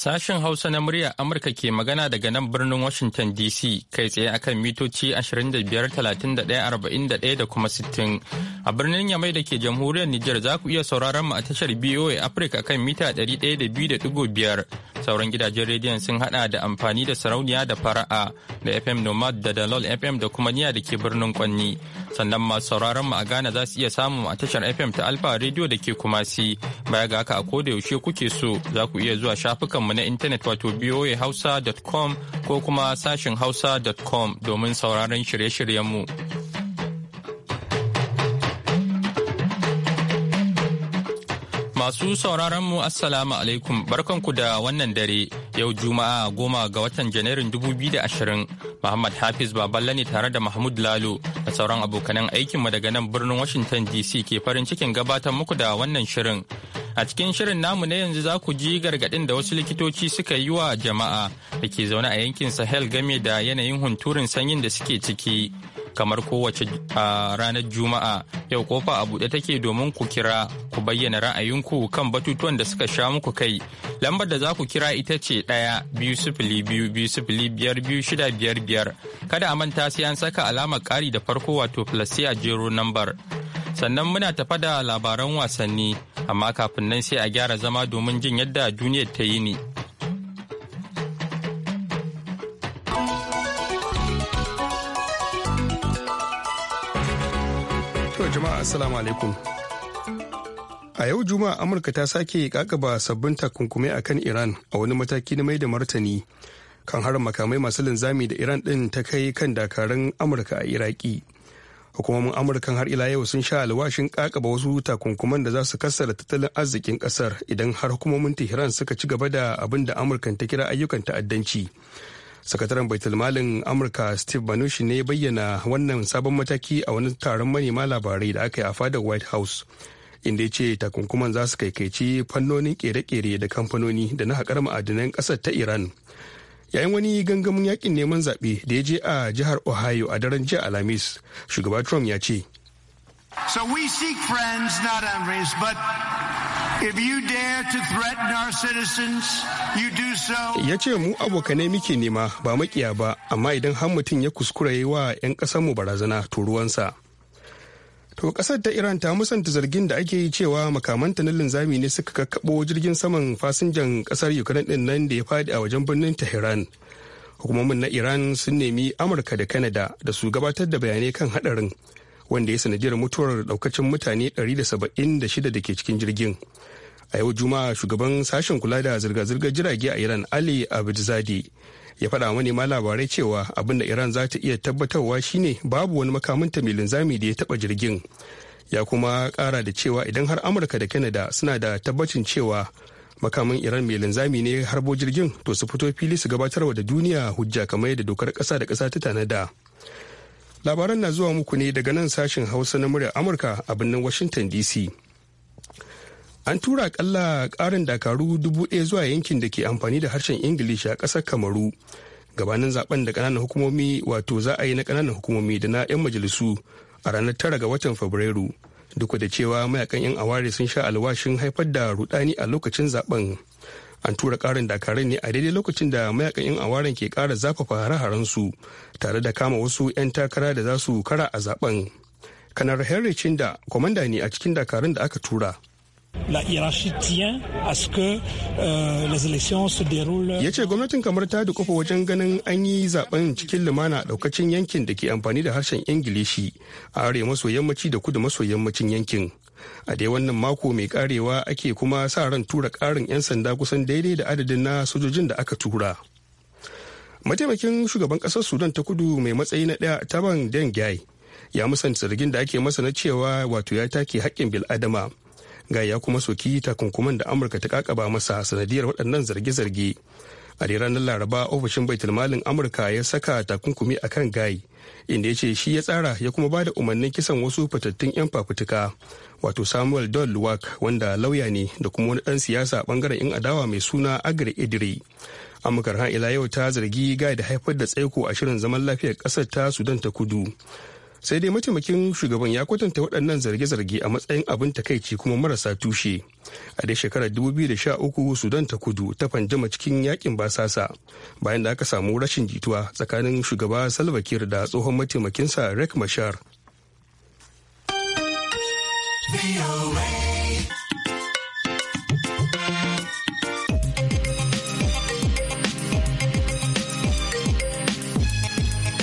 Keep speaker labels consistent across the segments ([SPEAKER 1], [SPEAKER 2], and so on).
[SPEAKER 1] Sashen Hausa na muryar Amurka ke magana daga nan birnin Washington DC kai tsaye akan mitoci 25,31,41 da kuma 60. A birnin Yamai da ke jamhuriyar Nijar za ku iya sauraron mu a tashar BOA Afirka kan mita 102.5. sauran gidajen rediyon sun hada da amfani da sarauniya da fara'a da fm nomad da dalol fm da kuma niya da ke birnin kwanni sannan masu sauraron mu a ghana za su iya samun a tashar fm ta alfa rediyo da ke kumasi baya ga haka a koda yaushe kuke so za ku iya zuwa shafukanmu na intanet wato voahausa.com ko kuma sashin hausa.com domin sauraron shirye-shiryenmu. mu Masu sauraron mu Assalamu alaikum barkanku da wannan dare yau Juma'a goma ga watan Janairun ashirin Muhammad Hafiz Baballe ne tare da Mahmud Lalo da sauran abokanan aikinmu daga nan birnin Washington DC ke farin cikin gabatar muku da wannan shirin. A cikin shirin namu na yanzu za ku ji gargaɗin da wasu likitoci suka yi wa jama'a da ke zaune a yankin Sahel game da yanayin hunturin sanyin da suke ciki. kamar kowace ranar juma'a yau kofa a buɗe take domin ku kira ku bayyana ra'ayinku kan batutuwan da suka sha muku kai lambar da za ku kira ita ce ɗaya biyu sifili biyu biyu sifili biyar biyu shida biyar biyar kada a manta sai an saka alamar ƙari da farko wato plus a jero lambar sannan muna tafa da labaran wasanni amma kafin nan sai a gyara zama domin jin yadda duniyar ta yi ne.
[SPEAKER 2] jama'a assalamu alaikum a yau juma'a amurka ta sake kakaba sabbin takunkumai akan iran a wani mataki na mai da martani kan harin makamai masu linzami da iran din ta kai kan dakarun amurka a iraki hukumomin amurkan har ila yau sun sha alwashin kakaba wasu takunkuman da za su kassara tattalin arzikin kasar idan har hukumomin tehran suka ci gaba da abin da amurkan ta kira ayyukan ta'addanci sakataren baitulmalin amurka steve banushi ne bayyana wannan sabon mataki a wani taron manema labarai da aka yi a fadar white house inda ya ce takunkuman za su kaikaici fannonin kere-kere da kamfanoni da na haƙar ma'adinan ƙasar ta iran yayin wani gangamin yakin neman zaɓe da ya je a jihar ohio a daren jiya alhamis shugaba trump ya ce
[SPEAKER 3] So we seek friends, not enemies,
[SPEAKER 2] Ya ce mu abokanai muke nema ba makiya ba, amma idan har mutum ya kuskura yi wa 'yan mu barazana to ruwansa. To ƙasar ta Iran ta musanta zargin da ake yi cewa makamanta na linzami ne suka kakkaɓo jirgin saman fasinjan ƙasar Ukraine ɗin nan da ya faɗi a wajen birnin Tehran. Hukumomin na Iran sun nemi Amurka da Canada da su gabatar da bayanai kan haɗarin. wanda ya sanadiyar mutuwar daukacin mutane 176 da ke cikin jirgin a yau juma'a shugaban sashen kula da zirga-zirgar jirage a iran ali abdulzadi ya faɗa manema labarai cewa abin da iran za ta iya tabbatarwa shine babu wani makamanta mai linzami da ya taba jirgin ya kuma ƙara da cewa idan har amurka da canada suna da tabbacin cewa makamin iran mai linzami ne harbo jirgin to su fito fili su gabatarwa da duniya hujja kamar yadda dokar ƙasa da kasa ta tanada labaran na zuwa muku ne daga nan sashen hausa na murya amurka a birnin washington dc an tura kalla karin dakaru dubu ɗaya zuwa yankin da ke amfani da harshen ingilishi a ƙasar kamaru gabanin zaben da ƙananan hukumomi wato za a yi na ƙananan hukumomi da na 'yan majalisu a ranar tara ga watan fabrairu duk da cewa mayakan 'yan aware sun sha alwashin haifar da rudani a lokacin zaben an tura karin dakarun ne a daidai lokacin da mayakan 'yan awaren ke kara zafafa hare su tare da kama wasu 'yan takara da za su kara a zaben kanar henry chinda kwamanda ne a cikin dakarun da aka tura La hiérarchie tient à ce que euh, les élections se déroulent. Ya ce gwamnatin kamar ta kofa wajen ganin an yi zaben cikin lumana daukacin yankin da ke amfani da harshen Ingilishi a arewa maso yammaci da kudu maso yammacin yankin. A dai wannan mako mai karewa ake kuma sa ran tura karin 'yan sanda kusan daidai da adadin na sojojin da aka tura. Mataimakin shugaban kasar Sudan ta kudu mai matsayi na ɗaya Taban Dengai ya musanta zargin da ake masa na cewa wato ya take haƙƙin bil'adama. ga ya kuma soki takunkuman da amurka ta kakaba masa sanadiyar waɗannan zarge-zarge a ranar laraba ofishin baitulmalin amurka ya saka takunkumi a kan gai inda ya ce shi ya tsara ya kuma bada umarnin kisan wasu fitattun 'yan fafutuka wato samuel don luwak wanda lauya ne da kuma wani dan siyasa bangaren 'yan adawa mai suna agri idri amurkar har ila yau ta zargi gai da haifar da tsaiko a shirin zaman lafiyar kasar ta sudan ta kudu sai dai mataimakin shugaban ya kwatanta waɗannan zarge-zarge a matsayin abin takaici kuma marasa tushe a dai shekarar 2013 sudan ta kudu ta fanjama cikin yakin basasa bayan da aka samu rashin jituwa tsakanin shugaba salva kiir da tsohon mataimakinsa rek mashar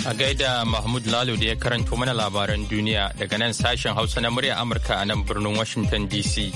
[SPEAKER 1] A gaida Mahmud Lalo da ya karanto mana labaran duniya daga nan sashen Hausa na murya Amurka a nan birnin Washington DC.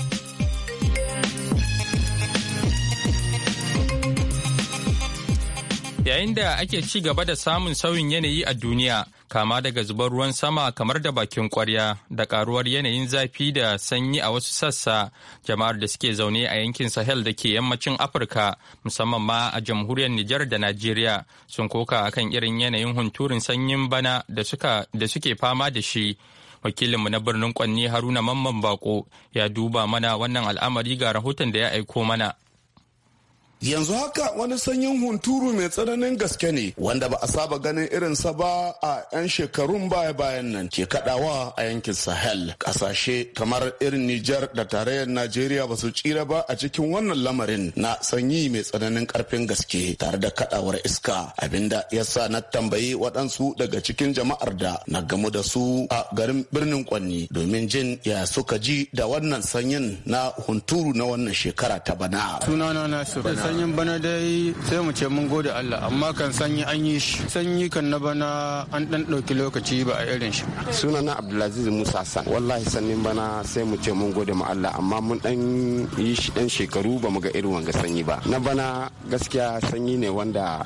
[SPEAKER 1] Yayin da ake ci gaba da samun sauyin yanayi a duniya, kama daga zubar ruwan sama kamar da bakin kwarya da karuwar yanayin zafi da sanyi a wasu sassa, jama'ar da suke zaune a yankin Sahel da ke yammacin Afirka, musamman ma a jamhuriyar Nijar da Najeriya, sun koka akan irin yanayin hunturin sanyin bana da suke fama da shi. wakilinmu na birnin kwanni haruna mamman bako ya duba mana wannan al'amari ga rahoton da ya aiko mana
[SPEAKER 4] yanzu haka wani sanyin hunturu mai tsananin gaske ne wanda ba a saba ganin irin sa ba a 'yan shekarun baya bayan nan ke kadawa a yankin sahel kasashe kamar irin nijar da tarayyar najeriya ba su tsira ba a cikin wannan lamarin na sanyi mai tsananin karfin gaske tare da kadawar iska abinda ya sa na tambayi waɗansu daga cikin jama'ar da na gamu da su a garin birnin kwanni domin jin ya suka ji da wannan sanyin na hunturu na wannan shekara ta bana
[SPEAKER 5] sunana na sanyin bana dai sai mu ce mun gode Allah amma kan sanyi an yi shi sanyi kan na bana an dan ɗauki lokaci ba a irin shi
[SPEAKER 4] sunana Abdulaziz Musa San wallahi sanyin bana sai mu ce mun gode ma Allah amma mun dan yi shi dan shekaru ba mu ga irin wanga sanyi ba na bana gaskiya sanyi ne wanda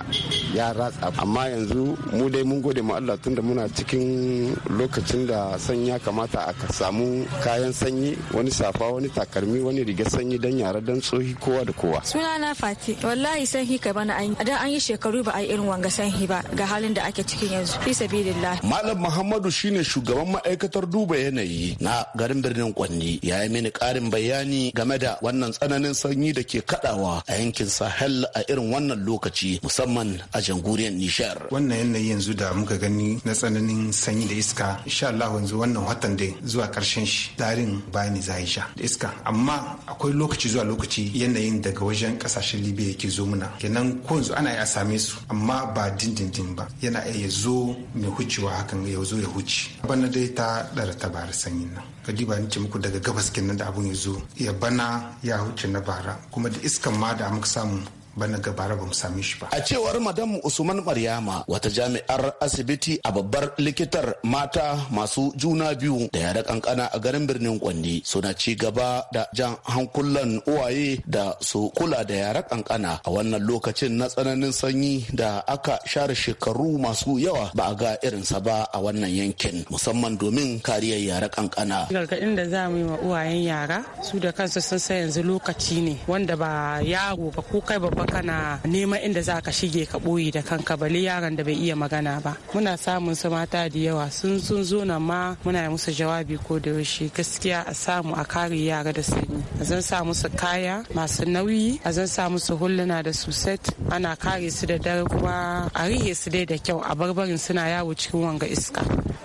[SPEAKER 4] ya ratsa amma yanzu mu dai mun gode ma Allah tunda muna cikin lokacin da sanyi ya kamata a samu kayan sanyi wani safa wani takarmi wani riga sanyi dan yara dan tsohi kowa da kowa
[SPEAKER 5] sunana ce wallahi sanhi kai bana an da an yi shekaru ba a yi irin wanga sanhi ba ga halin da ake cikin yanzu fi sabilillah malam
[SPEAKER 4] muhammadu shine shugaban ma'aikatar duba yanayi na garin birnin kwanni ya mini karin bayani game da wannan tsananin sanyi da ke
[SPEAKER 2] kadawa a yankin
[SPEAKER 4] sahel a irin wannan lokaci musamman a jamhuriyar nishar
[SPEAKER 2] wannan yanayi yanzu da muka gani na tsananin sanyi da iska insha Allah yanzu wannan watan dai zuwa karshen shi darin bayani zai sha da iska amma akwai lokaci zuwa lokaci yanayin daga wajen kasashen libya yake zo muna kenan ko yanzu ana iya same su amma ba dindindin ba yana iya zo mai hucewa hakan ya zo ya huce bana dai ta ɗara ta bari sanyin nan ka diba ni ce muku daga gabas kenan da abun ya zo ya bana ya huce na bara kuma da iskan ma da muka samu bana gabara ba mu same shi ba. A cewar
[SPEAKER 4] Madam Usman Maryama wata jami'ar asibiti a babbar likitar mata masu juna biyu da yara kankana a garin birnin Kwandi suna ci gaba da jan hankulan uwaye da su kula da yare kankana a wannan lokacin na tsananin sanyi da aka share shekaru masu yawa ba a ga irinsa ba a wannan yankin musamman domin kariyar yara kankana.
[SPEAKER 6] Gargaɗin da za mu yi wa uwayen yara su da kansu sun sa yanzu lokaci ne wanda ba yaro ba ko kai babban kana neman inda za ka shige ka ɓoye da kanka bali yaran da bai iya magana ba muna samun su mata da yawa sun sun zo nan ma muna musu jawabi ko da yaushe gaskiya a samu a kare yara da sanyi a zan sa musu kaya masu nauyi a zan sa musu hulluna da set ana kare su da dare kuma a rihe su dai da kyau a barbarin suna yawo cikin wanga iska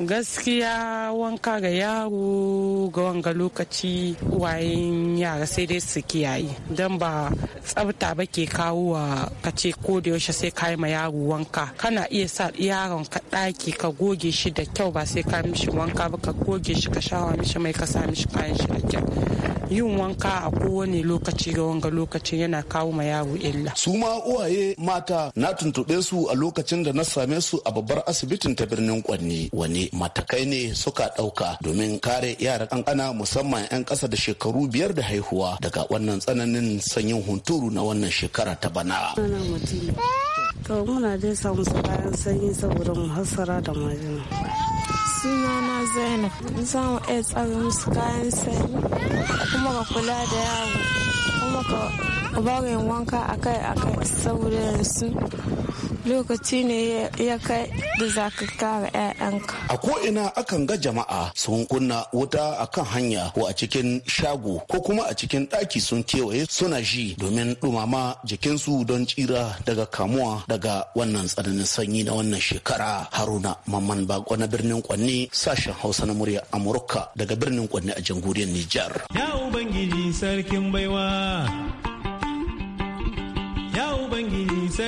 [SPEAKER 6] gaskiya wanka ga yaro ga wanga lokaci wayan yara sai dai su kiyaye don ba tsabta ba ke kawo wa kace ko da yaushe sai ka yi ma yaro wanka kana iya sa yaron ka ɗaki ka goge shi da kyau ba sai ka mishi wanka ba ka goge shi ka shawa mishi mai ka sa mishi kayan shi da kyau yin wanka a kowane lokaci ga wanga lokacin yana kawo ma yaro illa. su
[SPEAKER 4] ma uwaye mata na tuntuɓe su a lokacin da na same su a babbar asibitin ta birnin kwanni wani. matakai ne suka ɗauka domin kare yara kankana musamman 'yan ƙasa da shekaru biyar da haihuwa daga wannan tsananin sanyin hunturu na wannan shekara ta bana.
[SPEAKER 6] To muna dai samu bayan sanyi saboda mu hasara da majina. sunana zainab zan iya tsara musu kayan sanyi kuma ka kula da yaro kuma ka wanka akai akai saboda yanzu lokaci ne ya
[SPEAKER 5] kai da za ka kare 'ya'yanka.
[SPEAKER 4] A ko'ina akan ga jama'a sun kunna wuta a kan hanya ko a cikin shago ko kuma a cikin ɗaki sun kewaye suna ji domin ɗumama jikinsu don tsira daga kamuwa daga wannan tsananin sanyi na wannan shekara. Haruna Mamman Bako na birnin Kwanne sashen Hausa na murya Amurka daga birnin Kwanne a jamhuriyar Nijar.
[SPEAKER 7] Ya Ubangiji sarkin baiwa.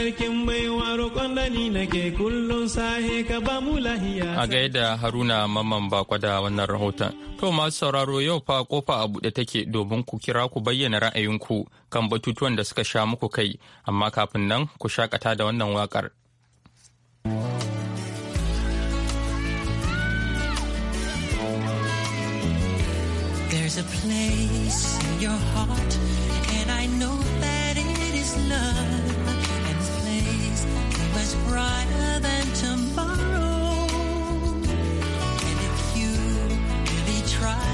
[SPEAKER 7] sarkin baiwa roƙon dani nake kullum sahe ka ba mu lahiya. A
[SPEAKER 1] gaida Haruna Mamman bakwa da wannan rahoton. To masu sauraro yau fa kofa a buɗe take domin ku kira ku bayyana ra'ayinku kan batutuwan da suka sha muku kai, amma kafin nan ku shakata da wannan waƙar.
[SPEAKER 6] There's a place in your heart brighter than tomorrow. And if you really try,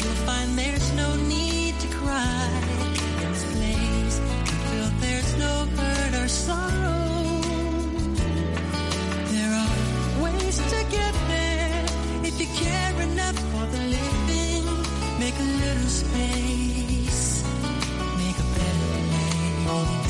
[SPEAKER 6] you'll find there's no need to cry. In this place, you feel there's no hurt or sorrow. There are ways to get there if you care enough for the living. Make a little space, make a better place.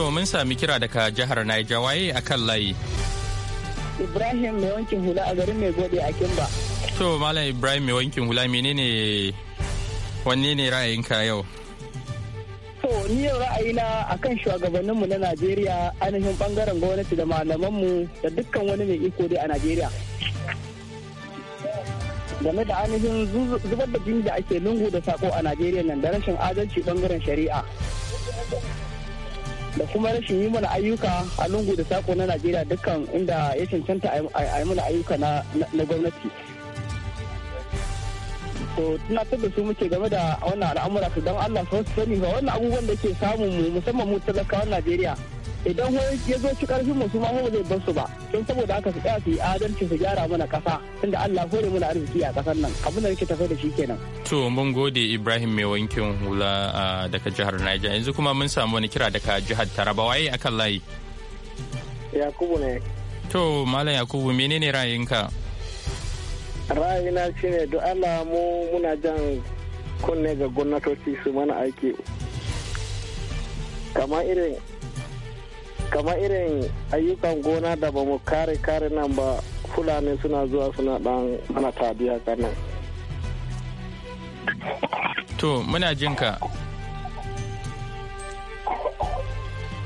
[SPEAKER 1] to mun sami kira daga jihar Niger waye akan layi.
[SPEAKER 5] Ibrahim mai wankin hula a garin mai gode a Kimba.
[SPEAKER 1] To Malam Ibrahim mai wankin hula menene wanne ne ra'ayinka yau?
[SPEAKER 5] To ni yau ra'ayina akan mu na Najeriya ainihin bangaren gwamnati da malaman mu da dukkan wani mai iko dai a Najeriya. game da ainihin zubar da jini da ake lungu da sako a Najeriya nan da rashin adalci bangaren shari'a. da kuma rashin yi mana ayyuka a lungu da sako na najeriya dukkan inda ya cancanta a yi mana ayyuka na gwamnati to tuna da su muke game da wannan al'amura su don allah su sani ba wannan abubuwan da ke samun mu musamman mu talakawan najeriya idan ya zo ci karfin mu su ma ba zai bar su ba don saboda haka su tsaya su yi adalci su gyara mana kasa tunda Allah hore mana arziki a kasar nan abin da nake tafe da shi kenan
[SPEAKER 1] to mun gode Ibrahim mai wankin hula daga jihar Niger yanzu kuma mun samu wani kira daga jihar Taraba waye akan layi Yakubu ne to malam Yakubu menene ra'ayinka
[SPEAKER 5] ra'ayina shine duk Allah mu muna jan kunne ga gwamnatoci su mana aiki kamar irin kamar irin ayyukan gona da ba mu kare kare nan ba fulani suna zuwa suna dan ana tabiya kanan
[SPEAKER 1] to muna jinka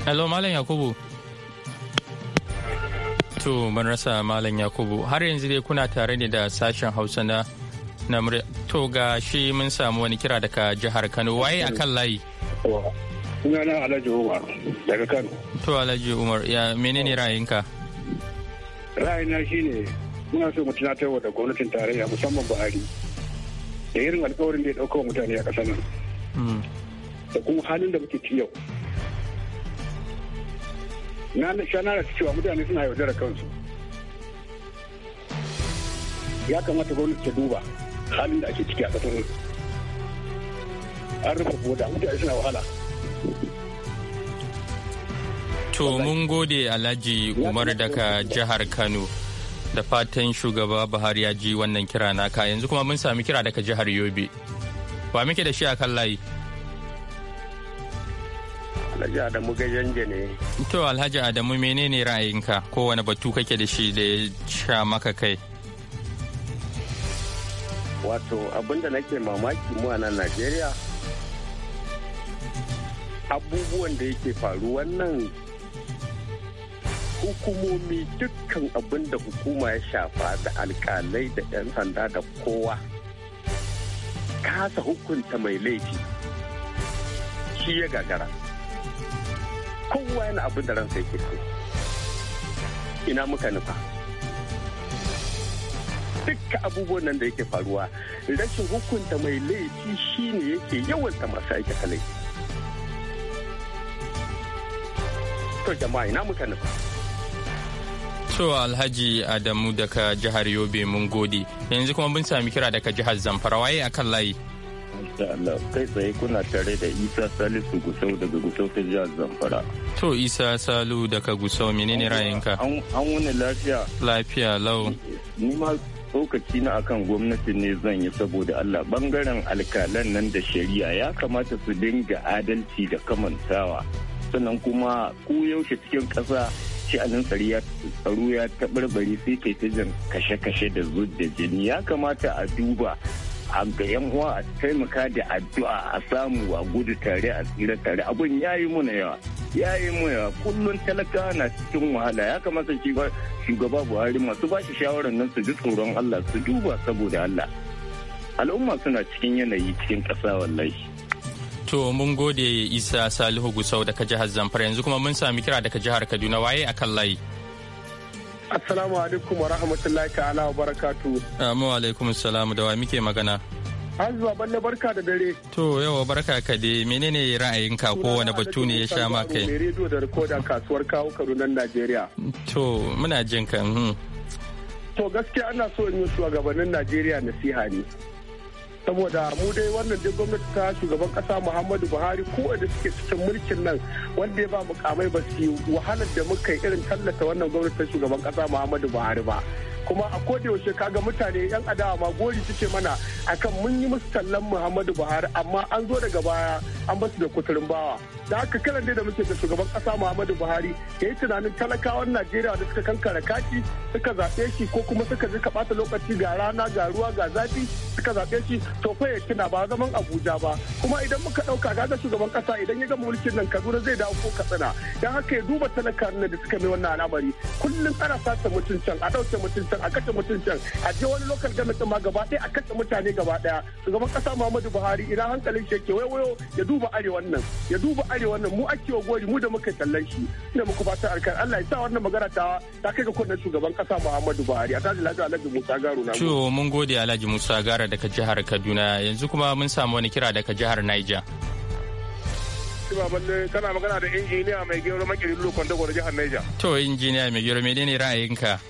[SPEAKER 1] hello malam yakubu to mun rasa malam yakubu har yanzu dai kuna tare ne da sashen hausa na na to ga shi mun samu wani kira daga jihar kano waye akan layi
[SPEAKER 8] sunana Alhaji Umar daga Kano.
[SPEAKER 1] To Alhaji Umar, ya menene ra'ayinka?
[SPEAKER 3] Ra'ayina shine muna so mu tunatarwa da gwamnatin tarayya musamman Buhari. Da irin alkawarin da ya ɗauka mutane a ƙasar nan. Hmm. Da kuma halin da muke ci yau. Na sha na cewa mutane suna yaudara kansu. Ya kamata gwamnati ta duba halin da ake ciki a ƙasar nan. An rufe boda mutane suna wahala.
[SPEAKER 1] To mun gode Alhaji Umar daga jihar Kano. Da fatan shugaba Buhari ya ji wannan kira naka yanzu kuma mun sami kira daga jihar Yobe. Ba muke da shi a kan layi?
[SPEAKER 5] Alhaji Adamu gajanje ne.
[SPEAKER 1] To Alhaji Adamu menene ra'ayinka ko wani batu kake da shi da ya sha maka kai?
[SPEAKER 5] Wato abinda nake mamaki mu a nan Najeriya abubuwan da yake faru wannan hukumomi dukkan abin da hukuma ya shafa da alkalai da 'yan sanda da kowa kasa hukunta mai laifi shi ya gagara kowa yana abin da ransa yake so ina muka nufa dukkan abubuwan nan da yake faruwa rashin hukunta mai laifi shine yake yawanta masu aikata laifi to jama'a ina muka nufa
[SPEAKER 1] To Alhaji Adamu daga jihar Yobe mun gode. Yanzu kuma mun sami kira daga jihar Zamfara waye a kan layi.
[SPEAKER 5] Allah kai tsaye kuna tare da Isa Salisu Gusau daga Gusau ta jihar
[SPEAKER 1] Zamfara. To Isa Salu daga Gusau menene rayinka An
[SPEAKER 5] wani lafiya.
[SPEAKER 1] Lafiya lau.
[SPEAKER 5] Ni ma tsokaci na akan gwamnati ne zan yi saboda Allah bangaren alkalan nan da shari'a ya kamata su dinga adalci da kamantawa. Sannan kuma ku yaushe cikin ƙasa a nan ya tsaro ya taɓarɓare sai kai ta jan kashe-kashe da zub da jini ya kamata a duba a ga yan uwa a taimaka da addu'a a samu a gudu tare a tsira tare abin ya yi muna yawa ya yi muna yawa kullum talaka na cikin wahala ya kamata shugaba buhari masu ba shi shawarar nan su ji tsoron allah su duba saboda allah al'umma suna cikin yanayi cikin ƙasa wallahi
[SPEAKER 1] To mun gode Isa Salihu Gusau daga jihar Zamfara yanzu kuma mun sami kira daga jihar Kaduna waye akan layi.
[SPEAKER 3] Assalamu alaikum wa rahmatullahi ta'ala wa barakatu.
[SPEAKER 1] Amu alaikum salamu da wa muke magana.
[SPEAKER 3] Azuwa balle barka da dare.
[SPEAKER 1] To yawa barka ka dai menene ra'ayinka ko wani batu ne ya sha ma kai? Mai
[SPEAKER 3] rediyo da rikoda kasuwar kawo Kaduna Najeriya.
[SPEAKER 1] To muna jin kan. Hmm.
[SPEAKER 3] To gaskiya ana so in yi shugabannin Najeriya nasiha ne. saboda mu dai wannan duk gwamnati ta shugaban kasa muhammadu buhari ko da suke cikin mulkin nan wanda ya ba mukamai ba su wahalar da muka irin tallata wannan gwamnati ta shugaban kasa muhammadu buhari ba kuma a koda yaushe kaga mutane yan adawa ma gori suke mana akan mun yi musu tallan Muhammadu Buhari amma an zo daga baya an basu da kuturin bawa da haka kalan da muke da shugaban kasa Muhammadu Buhari ya yi tunanin talakawan Najeriya da suka kankara kaki suka zaɓe shi ko kuma suka ji ka ɓata lokaci ga rana ga ruwa ga zafi suka zaɓe shi to fa ya tuna ba zaman Abuja ba kuma idan muka ɗauka gaga shugaban kasa idan ya gama mulkin nan Kaduna zai dawo ko Katsina dan haka ya duba talakan da suka mai wannan al'amari kullum ana sace mutuncin a ɗauke mutuncin mutum a kashe mutum can a je wani lokal government ma gaba ɗaya a kashe mutane gaba ɗaya shugaban ƙasa Muhammadu Buhari ina hankalin shi yake wayo ya duba arewan nan ya duba arewan nan mu ake wa gori mu da muka tallan shi ina muku fatan alkhairi Allah ya sa wannan magana ta ta kai ga kunnen shugaban ƙasa
[SPEAKER 8] Muhammadu Buhari a tashi lafiya Alhaji Musa Garo
[SPEAKER 3] na to
[SPEAKER 1] mun gode Alhaji Musa Garo daga jihar Kaduna yanzu kuma mun samu wani kira daga jihar Niger
[SPEAKER 8] Fatima kana magana da injiniya mai gero makirin Lukon Dago da jihar Niger.
[SPEAKER 1] To injiniya mai gero menene ra'ayinka?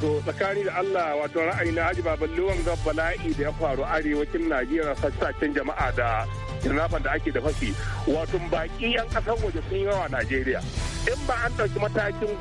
[SPEAKER 8] to tsakani da Allah wato ra'ayi na Haji Luwan ga bala'i da ya faru arewacin Najeriya sassacen jama'a da nafan da ake da fasi wato baki yan kasan waje sun yawa Najeriya in ba an ɗauki matakin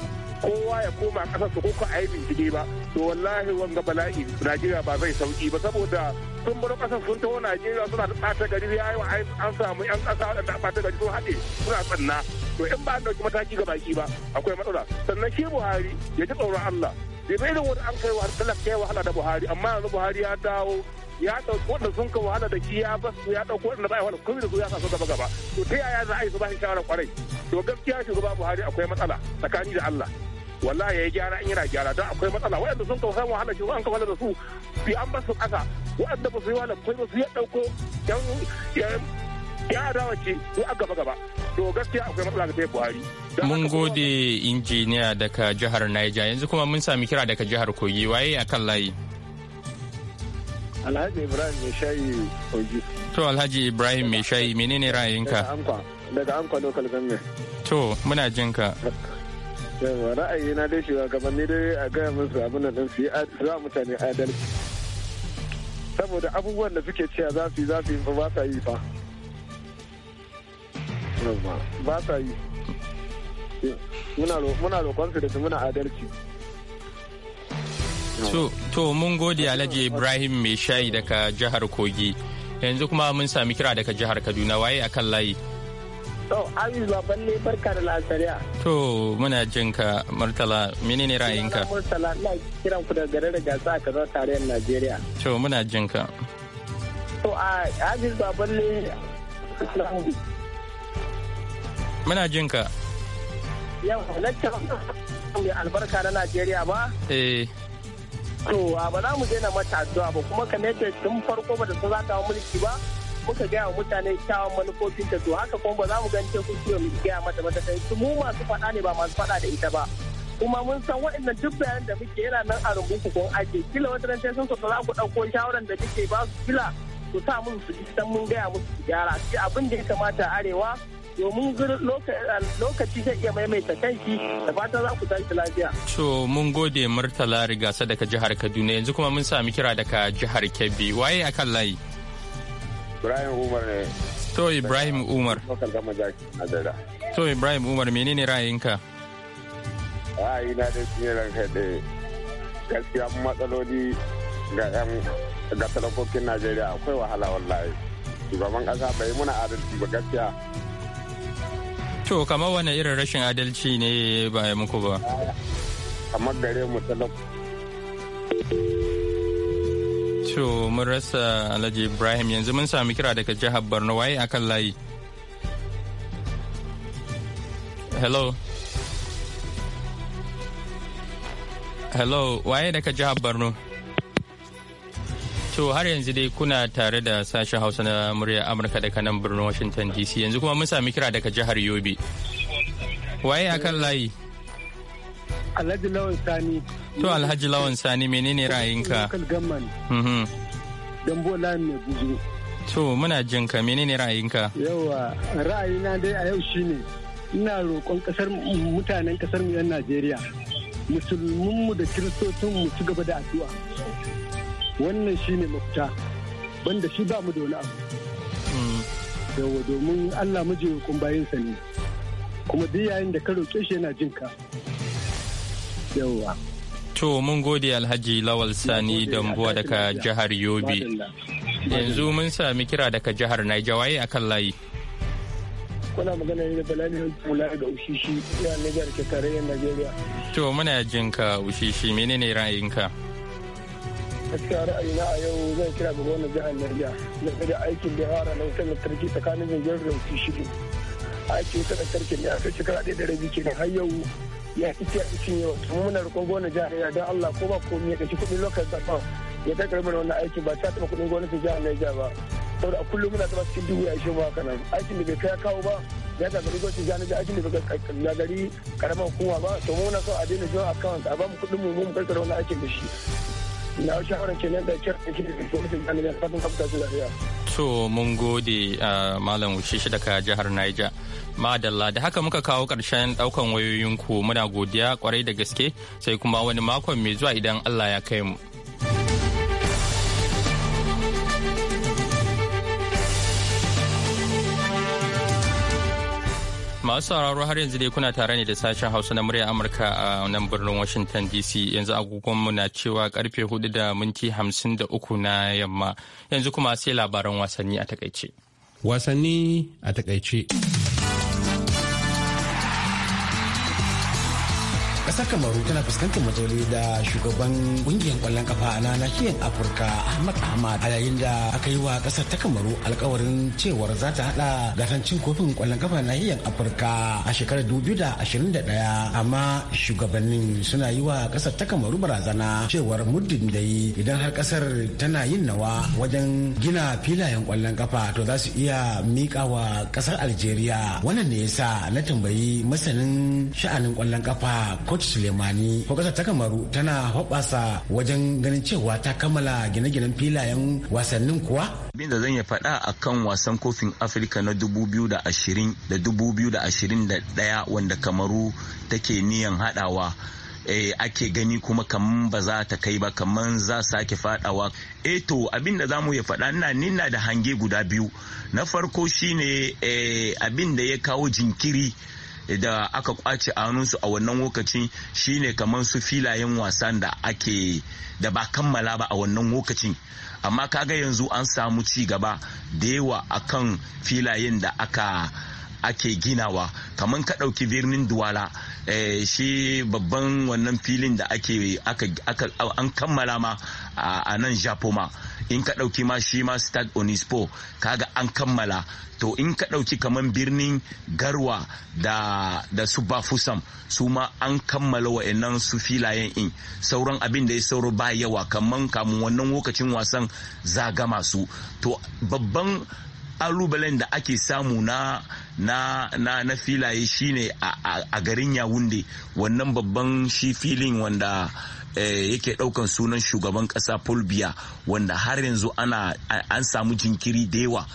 [SPEAKER 8] kowa ya koma ƙasar su ko a yi bincike ba to wallahi wanga bala'i Najeriya ba zai sauki ba saboda sun bar ƙasar sun taho Najeriya suna ɓata gari ya yi wa an samu yan ƙasa waɗanda ɓata gari sun haɗe suna tsanna to in ba an ɗauki mataki ga baki ba akwai matsala sannan shi Buhari ya ji tsoron Allah da bai da wani an kai wa talaka ya wahala da buhari amma yanzu buhari ya dawo ya ɗauki wanda sun ka wahala da shi ya basu ya ɗauki wanda ba ya wahala kuma da su ya sa su gaba gaba to ta yaya za a yi su ba shi shawara kwarai to gaskiya shi gaba buhari akwai matsala tsakani da allah wallahi ya yi gyara in yana gyara don akwai matsala waɗanda sun ka san wahala shi an wahala da su bi an basu ƙasa waɗanda ba su yi wahala kuma su ya ɗauko ya ce ko a gaba gaba to gaskiya akwai matsala ga buhari
[SPEAKER 1] mun gode injiniya daga jihar naija yanzu kuma mun sami kira daga jihar kogi waye a kan layi
[SPEAKER 8] alhaji ibrahim mai
[SPEAKER 1] shayi kogi to alhaji ibrahim mai shayi menene ra'ayinka daga amfa local government to muna jinka
[SPEAKER 3] yawa ra'ayi na dai shugabanni dai a gaya musu abin da ɗin su yi za mutane adalci saboda abubuwan da suke cewa za su yi za su yi ba sa yi fa nan ba ba sa yi muna roƙon su da su muna adalci
[SPEAKER 1] to mun gode alhaji ibrahim mai shayi daga jihar kogi yanzu kuma mun sami kira daga jihar kaduna waye akan layi
[SPEAKER 3] to ayu
[SPEAKER 5] baban ne barka da lasariya
[SPEAKER 1] to muna jin ka murtala menene ra'ayinka
[SPEAKER 5] murtala ina kiran ku daga garin gasa ka kazar tarayyar najeriya
[SPEAKER 1] to muna jin ka
[SPEAKER 5] to a aziz baban ne
[SPEAKER 1] Muna jin ka.
[SPEAKER 5] Yau, lakcin mai albarka na Najeriya ba? Eh. To, ba za mu daina mata addu'a ba kuma kamar yadda tun farko ba da sun ta mulki ba, muka gaya wa mutane kyawun manufofin ta to haka kuma ba za mu gance ku ciwo mu gaya mata ba ta su mu masu faɗa ne ba masu faɗa da ita ba kuma mun san waɗannan duk bayanan da muke yana nan a rubutu kun ake, kila wata ran sai sun so za ku ɗauko shawaran da muke ba su kila ku sa musu su san mun gaya musu su gyara sai abin da ya kamata arewa domin
[SPEAKER 3] lokaci zai iya maimaita kanki da fatan za ku tashi lafiya.
[SPEAKER 1] To mun gode Murtala Rigasa daga jihar Kaduna yanzu kuma mun sami kira daga jihar Kebbi waye a kan layi?
[SPEAKER 5] Ibrahim Umar ne.
[SPEAKER 1] To Ibrahim Umar. To Ibrahim Umar menene ra'ayinka?
[SPEAKER 5] Ra'ayina da shi ranka da gaskiya matsaloli ga 'yan ga talakokin Najeriya akwai wahala wallahi. Shugaban ƙasa bai muna adalci ba gaskiya
[SPEAKER 1] To kamar wani irin rashin adalci ne ba ya muku ba?
[SPEAKER 5] Kamar gare mu
[SPEAKER 1] talab. To mun rasa Alhaji Ibrahim yanzu mun sami kira daga jihar Borno waye akan layi. Hello. Hello waye daga jihar Borno? To har yanzu dai kuna tare da sashen Hausa na murya Amurka daga nan birnin Washington DC yanzu kuma mun sami kira daga jihar Yobe. Waye a kan layi? Alhaji Lawan Sani. To Alhaji Lawan Sani menene ra'ayinka?
[SPEAKER 5] Mm-hmm.
[SPEAKER 1] Dambo Lawan mai guzu. To muna jin ka menene ra'ayinka?
[SPEAKER 3] Yawa ra'ayina dai a yau shine ina roƙon kasar mutanen kasar mu 'yan Najeriya musulmunmu da kiristocinmu su gaba da addu'a. wannan shi ne mafita banda shi ba mu da wani abu yawa domin allah miji kun bayansa ne kuma duk yayin da ka roƙe shi yana jin ka
[SPEAKER 1] yawa to mun gode alhaji lawal sani dambuwa daga jihar yobe yanzu mun sami kira daga jihar naija waye kan layi
[SPEAKER 3] kuna magana ne da balani kula daga ushishi ya nigar ke tarayyar najeriya
[SPEAKER 1] to muna jinka ushishi menene ra'ayinka
[SPEAKER 3] gaskiya ra'ayina a yau zan kira ga gwamnan jihar Niger game da aikin da ya fara na wutar lantarki tsakanin zanjar da wasu shiri aikin wutar lantarki ne a kai shekara ɗaya da rabi ke har yau ya ci ta cikin yau kuma muna roƙon gwamnatin jihar Niger don Allah ko ba komai ya kashi kuɗin lokacin zaɓen ya kai karɓar wannan aikin ba ta taɓa kuɗin gwamnatin jihar Niger ba saboda a kullum muna zama cikin dubu ya ishe ba nan aikin da bai kai kawo ba ya ta gari gwamnati jani da aikin da bai gari karamar hukuma ba to mu na so a daina zuwa account a ba mu kuɗin mu mu karkar wani aikin da shi
[SPEAKER 1] to mun gode malam wuce daga jihar niger madalla da haka muka kawo karshen daukan wayoyinku muna godiya kwarai da gaske sai kuma wani makon mai zuwa idan allah ya kai mu. masu sauraro har yanzu dai kuna tare ne da sashen hausa na murya amurka a nan birnin washington dc yanzu agogonmu na cewa karfe 4 da minti 53 na yamma yanzu kuma sai labaran wasanni a takaice wasanni a takaice
[SPEAKER 5] kasar kamaru tana fuskantar matsaloli da shugaban kungiyar kwallon kafa na nahiyar afirka ahmad ahmad a yayin da aka yi wa kasar ta kamaru alkawarin cewar za ta hada gasan cin kofin kwallon kafa nahiyar afirka a shekarar 2021 amma shugabannin suna yi wa kasar ta kamaru barazana cewar muddin da yi idan har kasar tana yin nawa wajen gina filayen kwallon kafa to za su iya mika wa kasar algeria wannan ne sa na tambayi masanin sha'anin kwallon kafa coach suleimani ko kasa ta Kamaru tana hoɓasa wajen ganin cewa ta kammala gine-ginen filayen wasannin kuwa.
[SPEAKER 7] Abin da zan ya faɗa a kan wasan kofin Afirka na 2020 da 2021 wanda Kamaru take niyan haɗawa. E, ake gani kuma kaman ba za ta kai ba kaman za sake fadawa e eh to abin da zamu ya faɗa na nina da hange guda biyu na farko shine e, abin da ya kawo jinkiri da aka kwace a hannunsu a wannan lokacin shine kamar su filayen wasan da ake da ba kammala ba a wannan lokacin amma kaga yanzu an samu ci gaba da yawa akan filayen da aka ake ginawa kamar ka ɗauki birnin duwala eh, shi babban wannan filin da ake an kammala ma a nan japoma in ka ɗauki ma shi ma stade onispo kaga an kammala to in ka ɗauki kamar birnin garwa da da su bafusam su ma an kammala wa'annan su filayen in sauran abin da ya sauro ba yawa kamar kamun wannan lokacin wasan za gama su to babban alubalen da ake samu na na na na filaye shine a, a, a garin yawunde wannan babban shi filin wanda Eh, yake daukan sunan shugaban kasa fulbiya wanda har yanzu ana an samu jinkiri da yawa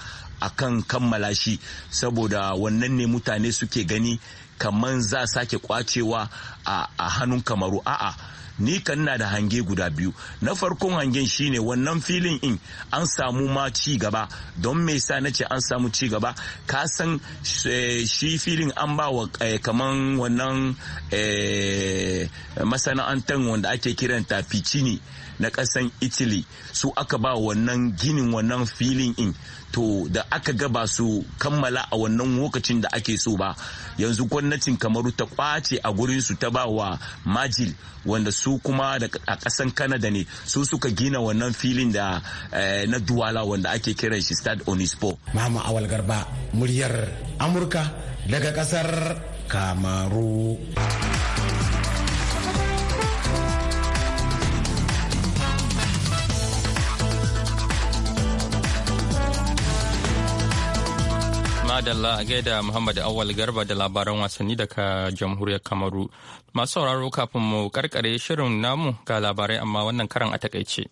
[SPEAKER 7] a kan kammala shi saboda wannan ne mutane suke gani kaman za sake kwacewa a hannun kamaru a'a ni kan na da hange guda biyu na farkon hangen shine wannan filin in an samu ma ci gaba don me sa na ce an samu ci gaba ka san eh, shi filin an ba wa eh, kaman wannan eh, masana'antar wanda ake kiranta ficini na kasan italy su aka ba wannan ginin wannan filin in to da aka ga ba su kammala a wannan lokacin da ake so ba yanzu gwamnatin kamaru ta kwace a gurin su ta ba wa majil wanda su su kuma a kasan kanada ne su suka gina wannan filin da eh, na Duwala wanda ake kiran shi Stade Onispo.
[SPEAKER 5] Mama Awal Garba muryar Amurka daga kasar
[SPEAKER 7] Kamaru.
[SPEAKER 1] Adalla a gaida Muhammad Awal Garba da labaran wasanni daga jamhuriyar Kamaru. Masu sauraro kafin mu karkare shirin namu ga labarai amma wannan karan a takaice.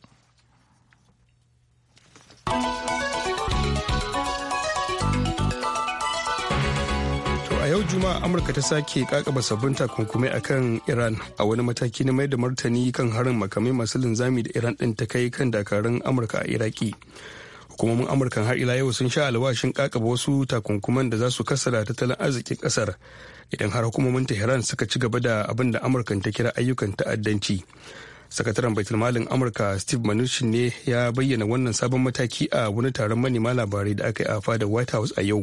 [SPEAKER 2] yau juma'a amurka ta sake kakaba sabbin takunkumai a kan iran a wani mataki na mai da martani kan harin makamai masu linzami da iran ɗin ta kai kan dakarun amurka a iraki kuma mun amurkan har ila yau sun sha alwashin kakaba wasu takunkuman da za su kasara tattalin arzikin kasar idan har hukumomin tehran suka ci gaba da abin da amurkan ta kira ayyukan ta'addanci sakataren malin amurka steve mnuchin ne ya bayyana wannan sabon mataki a wani taron manema labarai da aka yi a fada white house a yau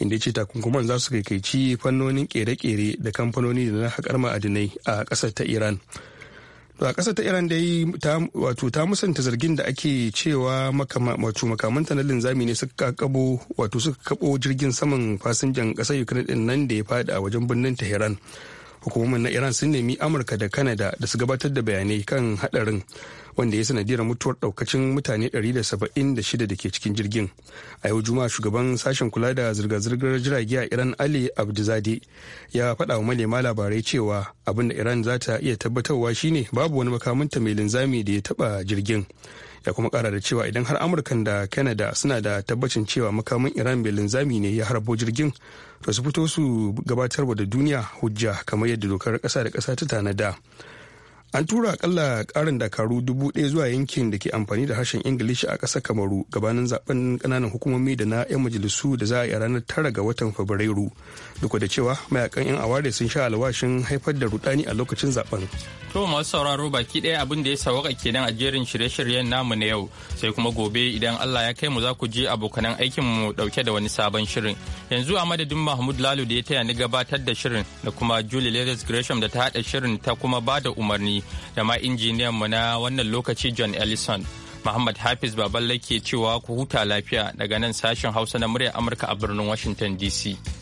[SPEAKER 2] inda yace ce takunkuman za su kaikaici fannonin kere-kere da kamfanoni da na haƙar ma'adinai a ƙasar ta iran to a ƙasar ta iran da yi wato ta musanta zargin da ake cewa wato makamanta na linzami ne suka kabo wato suka kabo jirgin saman fasinjan ƙasar ukraine din nan da ya faɗi a wajen birnin tehran hukumomin na iran sun nemi amurka da kanada da su gabatar da bayanai kan haɗarin wanda ya sanadiyar mutuwar daukacin mutane 176 da ke cikin jirgin a yau juma'a shugaban sashen kula da zirga-zirgar jirage a iran ali abdulzade ya faɗa wa manema labarai cewa abin da iran za ta iya tabbatarwa shine babu wani makaminta mai linzami da ya taba jirgin ya kuma kara da cewa idan har amurkan da canada suna da tabbacin cewa makamin iran mai linzami ne ya harbo jirgin to su fito su gabatarwa da duniya hujja kamar yadda dokar kasa da kasa ta tanada an tura akalla karin dakaru dubu ɗaya zuwa yankin da ke amfani da harshen ingilishi a ƙasar kamaru gabanin zaben kananan hukumomi da na 'yan majalisu da za a yi ranar tara ga watan fabrairu duk da cewa mayakan 'yan aware sun sha alwashin haifar da rudani a lokacin zaben
[SPEAKER 1] to masu sauraro baki ɗaya abin da ya sawaka kenan a jerin shirye-shiryen namu na yau sai kuma gobe idan allah ya kai mu za ku je abokanan aikin mu ɗauke da wani sabon shirin yanzu a madadin mahmud lalu da ya taya ni gabatar da shirin da kuma julie ladies gresham da ta haɗa shirin ta kuma ba da umarni da ma injiniyan mu na wannan lokaci John Ellison. Muhammad Hafiz Baballe ke cewa ku huta lafiya daga nan sashen Hausa na muryar Amurka a birnin Washington DC.